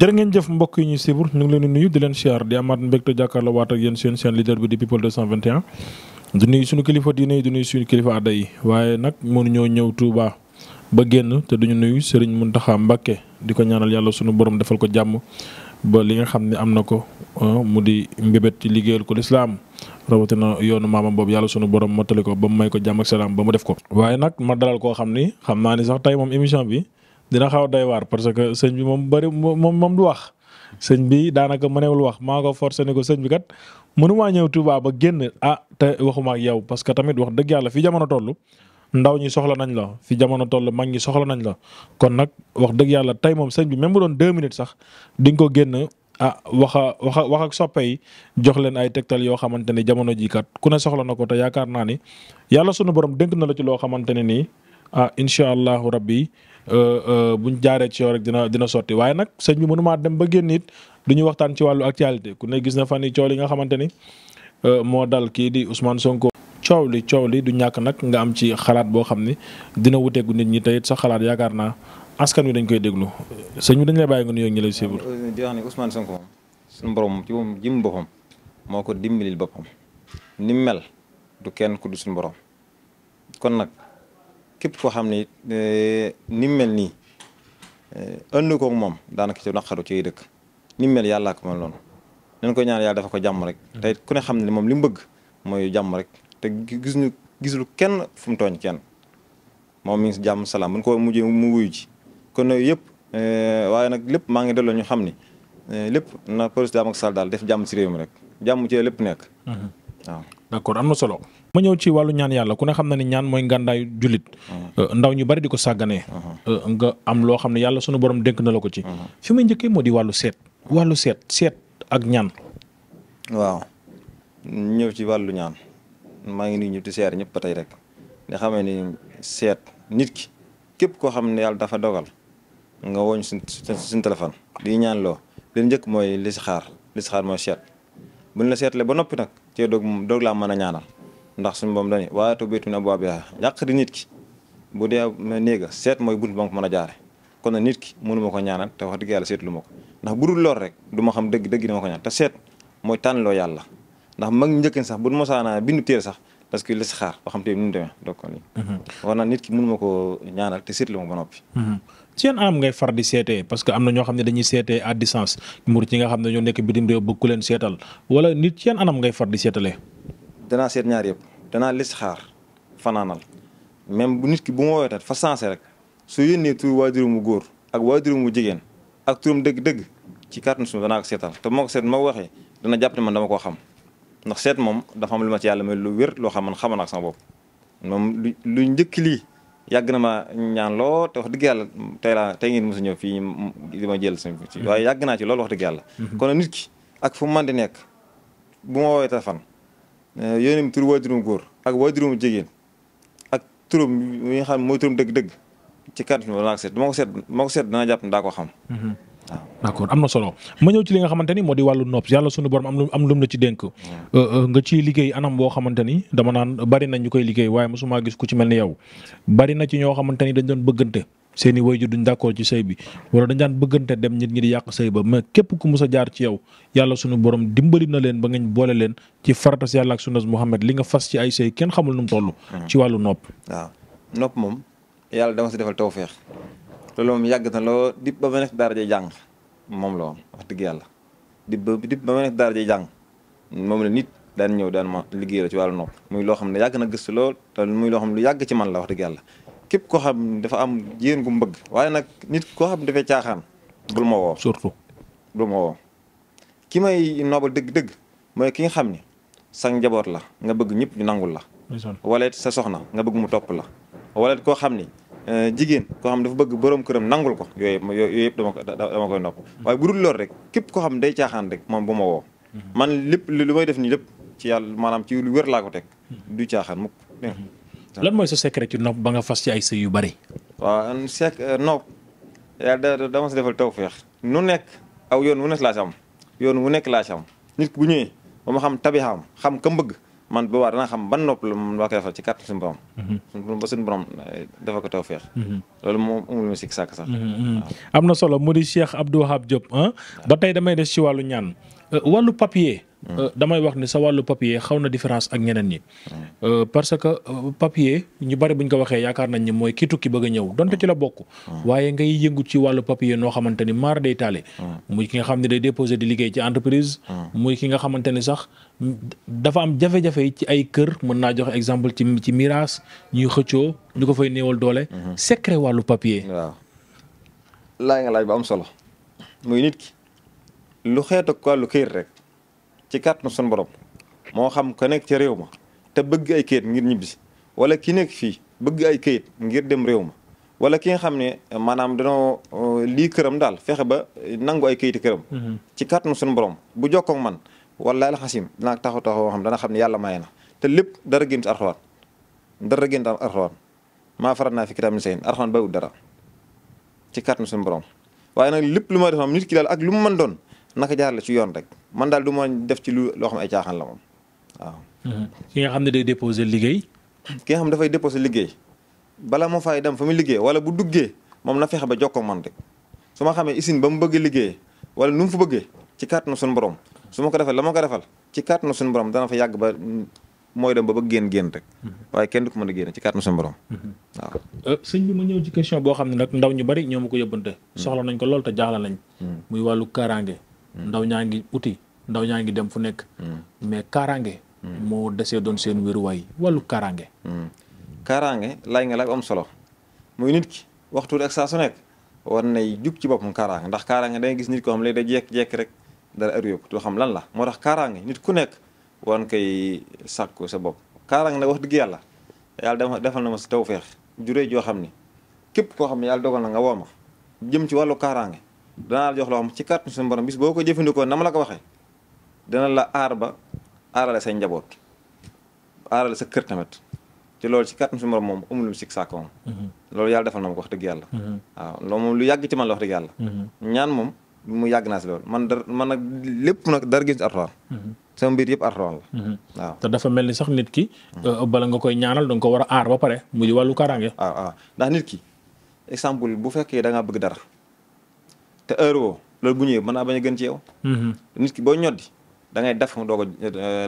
jërë ngeen jëf mbokk yi ñuy sibur ñu ngi leen di nuyu di leen siyaar di amaat mbégte jàkkaarloo waat ak yéen seen seen leader bi di people 221 di nuyu suñu kilifa diine yi di nuyu suñu kilifa adda yi waaye nag mënuñoo ñëw Touba ba génn te duñu nuyu Serigne Mountakha Mbacké di ko ñaanal yàlla suñu borom defal ko jàmm ba li nga xam ne am na ko ah, mu di mbébét ci liggéeyal ko lislaam rawatina yoonu maamam boob yàlla sunu borom mottali ko ba mu may ko jàmm ak ba mu def ko waaye nag xam ni xam naa ni sax tey moom émission bi dina xaw day waar parce que sëñ bi moom bëri moom moom du wax sëñ bi daanaka mënewul wax maa ko forcé ne ko sëñ bi kat mënumaa ñëw Touba ba génn ah te waxuma ak yow parce que tamit wax dëgg yàlla fi jamono tollu ndaw ñi soxla nañ la fi jamono toll mag ñi soxla nañ la kon nag wax dëgg yàlla tey moom sëñ bi même bu doon deux minutes sax di nga ko génn ah waxa waxa wax ak soppe jox leen ay tegtal yoo xamante ni jamono jii kat ku ne soxla na ko te yaakaar naa ni yàlla sunu borom dénk na la ci loo xamante ne nii ah incha allahu Euh, euh, buñ jaaree ci yow rek dina dina sotti waaye nag sëñ bi mënumaa dem ba génn it du ñu waxtaan ci wàllu actualité ku ne gis na fan yi coow li nga xamante ni euh, moo dal kii di Ousmane Sonko. coow li coow li du ñàkk nag nga am ci xalaat boo xam ni dina wuteegu nit ñi teyit sa xalaat yaakaar naa askan wi dañ koy déglu sëñ bi dañ lay bàyyi nga nuyoo ñu lay suivre. di wax ne Ousmane Sonko moom suñu borom ci boppam moo ko dimbalil boppam ni mel du kenn ku du suñu borom kon képp koo xam ne eh, ni mu mel nii eh, ënd koog moom daanaka ci naqaru ci dëkk ni mel yàllaa ko mel noonu nañ ko ñaan yàlla dafa ko jàmm rek mm-hmm. te ku xam ne moom li mu bëgg mooy jàmm rek te gis ñu gisul kenn fu mu tooñ kenn moom mi ngi si jàmm salaam buñ ko mujjee mu wuyu ji kon nag yëpp eh, waaye nag lépp maa ngi delloo ñu xam ni lépp na président Macky Sall def jàmm si réew mi rek jàmm ci lépp nekk mm-hmm. waaw ma ñëw ci wàllu ñaan yàlla ku ne xam na ni ñaan mooy ngàndaayu jullit mm-hmm. uh, ndaw ñu bari di ko sàgganee mm-hmm. uh, nga am loo xam ne yàlla sunu borom dénk na la ko ci mm-hmm. fi may njëkkee moo di wàllu seet wàllu seet seet ak ñaan waaw ñëw ci wàllu ñaan maa ngi nuyu ñëpp di ñëpp ba tey rek nga xamee ni seet nit ki képp koo xam ne yàlla dafa dogal nga woñ suñ suñ téléphone di ñaan loo li njëkk mooy listixaar listixaar mooy seet buñ la seetlee ba noppi nag cee doog doog laa mën a ñaanal ndax suñu moom dañuy waaye te baytu min abwaabihaa yàq di nit ki bu dee néega seet mooy bunt ba nga ko mën a nit ki mënu ma ko ñaanal te wax dëgg yàlla seetlu ma ko ndax bu dul lor rek ma xam dëgg dëgg dama ko ñaan te seet mooy tànnloo yàlla ndax mag njëkkin sax bu mosaana bindu téere sax parce que listixaar ba xam te ni mu demee mhm. ma ko ñaanal te seetlu ma ba noppi ci mhm. yan anam ngay far di seetee parce que am na ñoo xam ne dañuy seetee à distance mur ci nga xam ne leen seetal wala nit ci yan anam ngay far di seetalee danaa seet ñaar yëpp danaa xaar fanaanal même bu nit ki bu ma woowee fa sensé rek soo yónnee tur waajuram mu góor ak waajuram mu jigéen ak turam dëgg-dëgg ci kàttanu suñu danaa ko seetal te moo ko seet ma waxee dana jàpp man dama koo xam ndax seet moom dafa am lu ma ci yàlla may lu wér loo xam man xaman ak sama bopp moom lu njëkk li yàgg na ma ñaan loo te wax dëgg yàlla tey laa tey ngeen a ñëw fii di ma jël ci mhm. waaye yàgg naa ci loolu wax yàlla mhm. kon nit ki ak fu mu nekk bu ma woowee téléphone Eh, yónni tur waajurum góor ak waajurum jigéen ak turam mi nga xam mooy turam dëgg-dëgg ci kàddu gi wala naa ko seet du ma ko seet ko daa ko xam. Mhm. waaw am na solo ma ñëw ci li nga xamante ni moo di wàllu nopp yàlla sunu borom am lu am lum la ci dénk. Euh, euh, nga ci liggéey anam boo xamante ni dama naan bari na ñu koy liggéey waaye mosuma gis ku ci mel ni yow bari na ci ñoo xamante ni dañ doon bëggante seeni i wayjur duñ d'accord ci sëy bi wala dañ daan bëggante dem nit ñi di yàq sëy ba mais képp ku mus jaar ci yow yàlla suñu boroom dimbali na leen ba ngeen boole leen ci faratas yàlla ak sunnas Muhammad li nga fas ci ay sëy kenn xamul nu mu toll. Hmm. ci wàllu nopp. waaw nopp moom yàlla dama si defal tawféex loolu moom loo dib ba ma nekk daara jay jàng moom la woon wax dëgg yàlla dib ba ba ma nekk daara jay jàng moom la nit daan ñëw daan ma liggéey la ci wàllu nopp muy loo xam ne yàgg na gëstu lool te muy loo xam lu yàgg ci man la wax dëgg yàlla képp koo xam dafa am jigéen ku mbëgg waaye nag nit koo xam dafay caaxaan bul ma woo surtout bul ma ki may noobal dëgg-dëgg mooy ki nga xam ni sa njaboot la nga bëgg ñëpp ñu nangul la wala it sa soxna nga bëgg mu topp la wala koo xam ni euh, jigéen koo xam dafa bëgg borom këram nangul ko yooyu yooyu yëpp dama dama koy nopp hmm. waaye bu dul rek képp koo xam day caaxaan rek moom bu ma woo hmm. man lépp lu may def nii lépp ci yàlla maanaam ci lu wér laa ko teg hmm. du caaxaan mukk lan mooy sa secret ci nopp ba nga fas ci ay sëy yu bari. waaw un sec euh, nopp yàlla dama si defal tawféex nu nekk aw yoon wu nekk laa si am yoon wu nekk laa si am nit bu ñëwee ba ma xam tabixaam man bu boobaa danaa xam ban nopp la moom ci kàttan suñu borom. Mhm. ba suñu borom eh, dafa ko tawféex. Mhm. Mhm, na solo mu di Cheikh Abdou Wahab Diop ah. ba tey damay des ci wàllu ñaan euh, wàllu papier. Euh, damay wax ni sa wàllu papier xaw na différence ak ñeneen yi mm. euh, parce que euh, papier ñu bari buñ ko waxee yaakaar nañ ni mooy ki tukki bëgg a ñëw donte ci la bokk. Mm. waaye ngay yëngu ci wàllu papier noo xamante ni maar day taale. Mm. muy ki nga xam ne de déposé di liggéey ci entreprise. muy ki nga xamante ni sax dafa am jafe-jafe ci ay kër mën naa joxe exemple ci ci miraas ñuy xëccoo ñu ko fay néewal doole. Mm-hmm. secret wàllu papier. waaw nga laaj bu am solo muy nit ki lu xeetu ko wàllu rek. ci kàttanu sunu borom moo xam ko nekk ca réew ma te bëgg ay kayit ngir ñibbisi wala ki nekk fii bëgg ay kayit ngir dem réew ma wala ki nga xam ne maanaam danoo euh, lii këram daal fexe ba nangu ay kayiti këram. Mhm. ci kàttanu sunu borom bu jokkoo man man wallaahi alxasim dinaa taxaw taxaw xam dana xam ne yàlla maye na te lépp dara gën ci arxuwaan dara gën ci arxuwaan maa naa fi kitaab ni sayin arxuwaan ut dara ci kàttanu sunu borom waaye nag lépp lu ma defam nit ki daal ak lu mu mën doon. naka jaar la yoon rek man daal du ma def ci lu loo xam ne ay caaxaan la moom waaw. Mhm. ki nga xam ne day déposé liggéey. ki nga xam ne dafay déposé liggéey balaa ma fay dem fa mu liggéey wala bu duggee moom na fexe ba jokkoo man su ma xamee usine ba mu bëgg liggéey wala nu mu fa bëggee ci kàttanu suñu borom su ma ko defal la ko defal ci kàttanu suñu borom dana fa yàgg ba. mooy dem ba ba génn génn rek mhm. kenn du ko mën a ci kàttanu suñu borom mhm. waaw euh, sëñ bi ma ñëw ci question boo xam ne nag ndaw ñu bari ñoo ma ko yóbbante hmm. soxla nañ ko lool te jaaxla nañ hmm. muy wàllu kaaraange Mm. ndaw ñaa ngi uti ndaw ñaa ngi dem fu nekk. Mm. mais kaaraange. Mm. moo desee doon seen wéruwaay wàllu kaaraange. kaaraange laaj nga laaj am solo muy nit ki waxtu rek saa su nekk nay jug ci boppam kaaraange ndax kaaraange da ngay gis nit ko day jékki-jékki rek dara ër yóbbu loo xam lan la moo tax kaaraange nit ku nekk war koy sàkku sa bopp. kaaraange nag wax dëgg yàlla yàlla defal na ma si feex juree joo xam ni képp koo xam ne yàlla dogal na nga woo jëm ci wàllu kaaraange. danaa la jox loo xam ci kàttan suñu borom bis boo ko jëfandikoo na la ko waxee dana la aar ba aarale say njaboot aarale sa kër tamit ci loolu ci kàttan suñu borom moom amul lu sikk sàkk moom mm-hmm. loolu yàlla defal na ma wax dëgg yàlla mm-hmm. waaw loolu moom lu yàgg ci man la wax dëgg yàlla mm-hmm. ñaan moom mu yàgg naa si loolu man dar man lépp nag dara gis artoir sama mbir yëpp artoir la waaw te dafa mel ni sax nit ki euh, bala nga koy ñaanal danga ko war a aar ba pare mu wàllu kaaraange waaw ah, ah. waaw ki exemple bu fekkee da bëgg dara te heure woo loolu bu ñëwee mën naa a gën ci yow. Mm-hmm. nit ki boo ñoddi da ngay def doo ko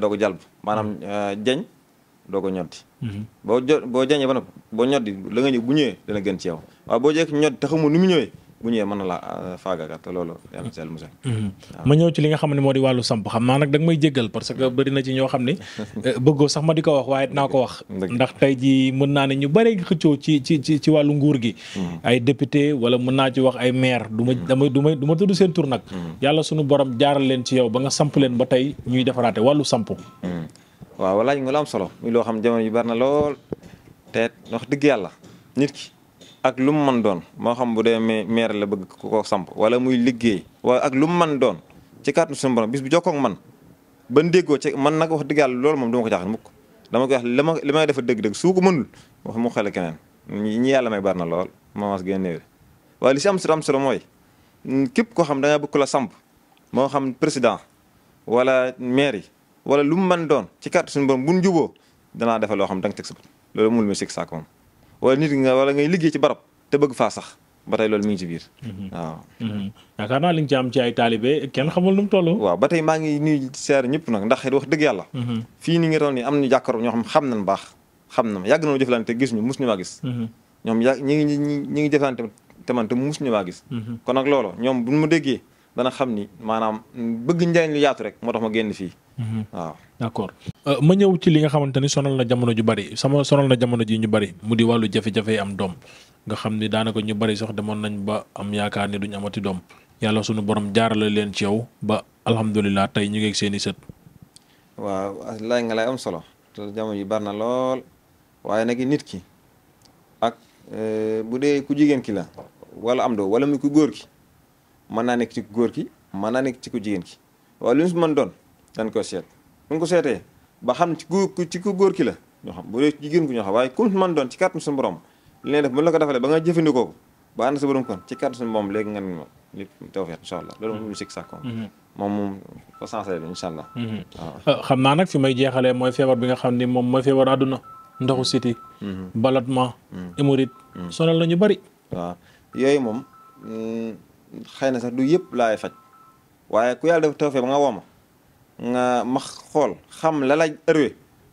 doo ko jàlb maanaam jañ doo ko ñoddi. Mm-hmm. boo jo boo jañee ba boo ñoddi la nga ñëw bu ñëwee dana gën ci yow waaw boo jekk ñoddi te xamul nu mu ñëwee. bu ñëwee mën na laa euh, mhm. ma ñëw ci li nga xam ne moo di wàllu samp xam naa nag da nga may jéggal parce que bëri na ci ñoo xam ne euh, bëggoo sax ma di ko wax waaye dinaa ko wax ndax tey ji mën naa ne ñu bëree ngi xëccoo ci ci ci wàllu nguur gi mhm. ay député wala mën naa ci wax ay maire du ma mhm. dama du ma du ma tudd seen tur nag yàlla suñu borom jaaral leen ci yow ba nga samp leen ba tey ñuy defaraate wàllu samp waaw walaaj nga lu am solo muy loo xam jamono yu bari na lool te wax dëgg yàlla nit ak lu mu mën doon moo xam bu dee maire la bëgg ko samp wala muy liggéey wala ak lu mu mën doon ci kàttan suñu borom bis bu jokkoo ak man ba ndéggoo ci man nag wax dëgg loolu moom du ko jaaxal mukk dama koy wax li ma li may defa dëgg-dëgg ko mënul wax mu xel keneen yàlla may bari na lool momence gën néew li si am am solo mooy mm, képp koo xam da nga bëgg la samp moo xam président wala maire yi wala lu mu mën doon ci kàttan suñu borom bu ñu danaa defal loo xam da nga teg sa bët loolu mul mi moom wala nit nga wala ngay liggéey ci barab te bëgg faa sax ba tey loolu mi ngi ci biir. Mhm. waaw. Mhm. yaakaar naa li nga ci am ci ay taalibe kenn xamul nu mu toll. waaw ba tey maa ngi nuyu seer ñëpp nag ndax wax dëgg yàlla. Mhm. fii ni nga toll nii am nañu jàkkaarloo ñoo xam xam nañu baax xam nañu yàgg nañu jëflante gis ñu mus ñu maa gis. ñoom ya ñi ngi ñi ngi te man te mus ñu maa gis. kon nag loolu ñoom bu mu déggee dana xam ni maanaam bëgg njariñ lu yaatu rek moo tax ma génn fii. Mhm. waaw d'accord euh, ma ñëw ci li nga xamante ni sonal na jamono ju bari sama sonal na jamono ji ñu bari mu di wàllu jafe-jafe am doom nga xam ni daanaka ñu bari sox demoon nañ ba am yaakaar ni duñ amati doom yàlla sunu borom jaarale leen ci yow ba alhamdulilah tey ñu ngi seen i sët. waaw lay am solo jamono ji bari na lool waaye nag nit ki ak euh, bu dee ku jigéen ki la wala am doom wala mu ku góor ki. mën naa nekk ci góor ki mën naa nekk ci ku jigéen ki waaye lu ñu mën doon dañ ko seet bu ñu ko seetee ba xam ci ku ci ku góor ki la ñoo xam bu dee jigéen ku ñoo xam waaye ku mën doon ci kàttan suñu borom li ne def bu la ko defalee ba nga sa borom kon ci kàttan suñu moom léegi ne ma li tawfeex incha bi mhm. incha allah mhm. waaw euh, xam naa nag fi may jeexalee mooy feebar bi nga xam ni moom mooy feebar àdduna ndoxu siti mhm. ballottement hémorroïde sonal la ñu bari waaw yooyu moom mm, xëy na sax du yëpp laay faj waaye ku yàlla def tawfee ba nga wooma nga max xool xam la la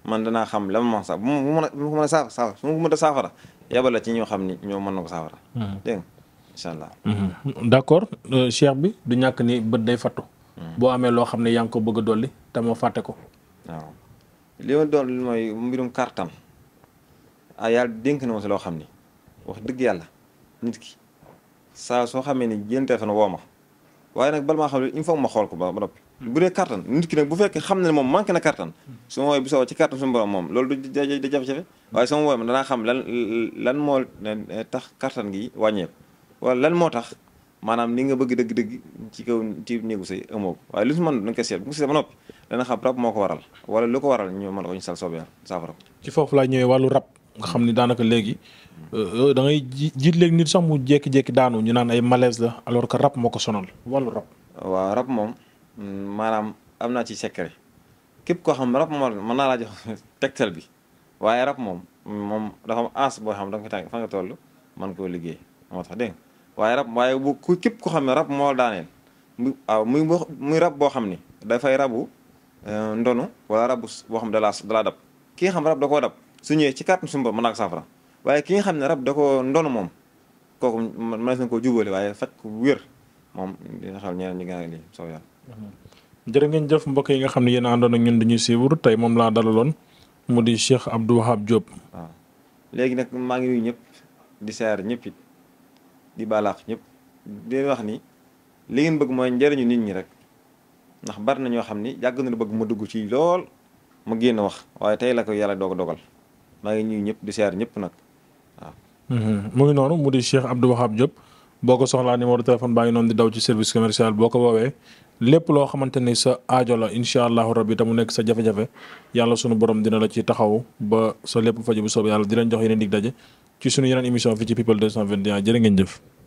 man danaa xam la ma sax bu ma a ma ko mën a saafara yabal ci ñoo xam ni ñoo mën na ko saafara. Hmm. dégg nga incha allah. Hmm. Euh, cheikh bi du ñàkk ni bët day fattu. Hmm. boo amee loo xam ne yaa ngi ko bëgg a dolli te moo fàtte ko. waaw li ma doon mooy mbirum kartan a ah, yàlla dénk na ma si loo xam ni wax dëgg yàlla nit ki. saa soo xamee ni jël téléphone woo ma waaye nag bal maa xam ne il faut ma xool ko ba ba noppi hmm. bu dee kattan nit ki nag bu fekkee xam ne moom manqué na kattan hmm. su ma wooyee bu soobee ci kattan suñu borom moom loolu lan moo tax kattan gi wàññeeku wala lan moo tax maanaam li nga bëgg dëgg-dëgg ci kaw ci néegu say amoo ko waaye lu su mën dañ ko seet bu ko seet ba noppi dana xam rab moo ko waral wala lu ko waral ñu mën ko ñu sal soobee saafara ko ci foofu laa ñëwee wàllu rab nga xam ni daanaka léegi euh, euh, dangay ngay jiit léegi nit sax mu jékki-jékki daanu ñu naan ay malaise la alors que rab moo ko sonal wàllu rab. waaw rab moom mm, maanaam am naa ci secret képp koo xam rab moom mën naa laa jox tegtal bi waaye rab moom moom dafa as boo xam da nga fa nga toll man koo liggéey moo tax dégg waaye bu képp koo xam ne rab moo daaneel muy waaw muy rab boo xam ni dafay rabu euh, ndonu wala rabu boo xam dalaa dalaa dab ki nga xam rab da koo dab. su ñëwee ci kàttan suñu bopp ak safara waaye ki nga xam ne rab da ko ndonu moom kooku mën nañu koo jubale waaye faj ku wér moom dina xel ñeneen ñi gën a soo yàlla. Mhm. jërë jëf mbokk yi nga xam ne yéen àndoon ak ñun dañuy siiwur tey moom laa dalaloon mu di Cheikh Abdou Wahab Diop. waaw léegi nag maa ngi nuyu ñëpp di seer ñëpp it di balaax ñëpp di wax ni li ngeen bëgg mooy njëriñu nit ñi rek ndax bari na ñoo xam ni yàgg na bëgg mu dugg ci lool mu génn wax waaye tey la ko yàlla doog dogal. maa ngi ñuy ñëpp di siyaar ñëpp nag mhm. mu ngi noonu mu di Cheikh Abdou Wahab Diop boo ko soxlaa numéro telefon baa ngi noonu di daw ci service commercial boo ko woowee lépp loo xamante ni sa aajo la incha allahu rabbi te mu nekk sa jafe-jafe yàlla sunu borom dina la ci taxaw ba sa lépp faju bu soob yàlla di leen jox yeneen dig daje ci sunu yeneen émission fii ci people 221 jërë ngeen jëf.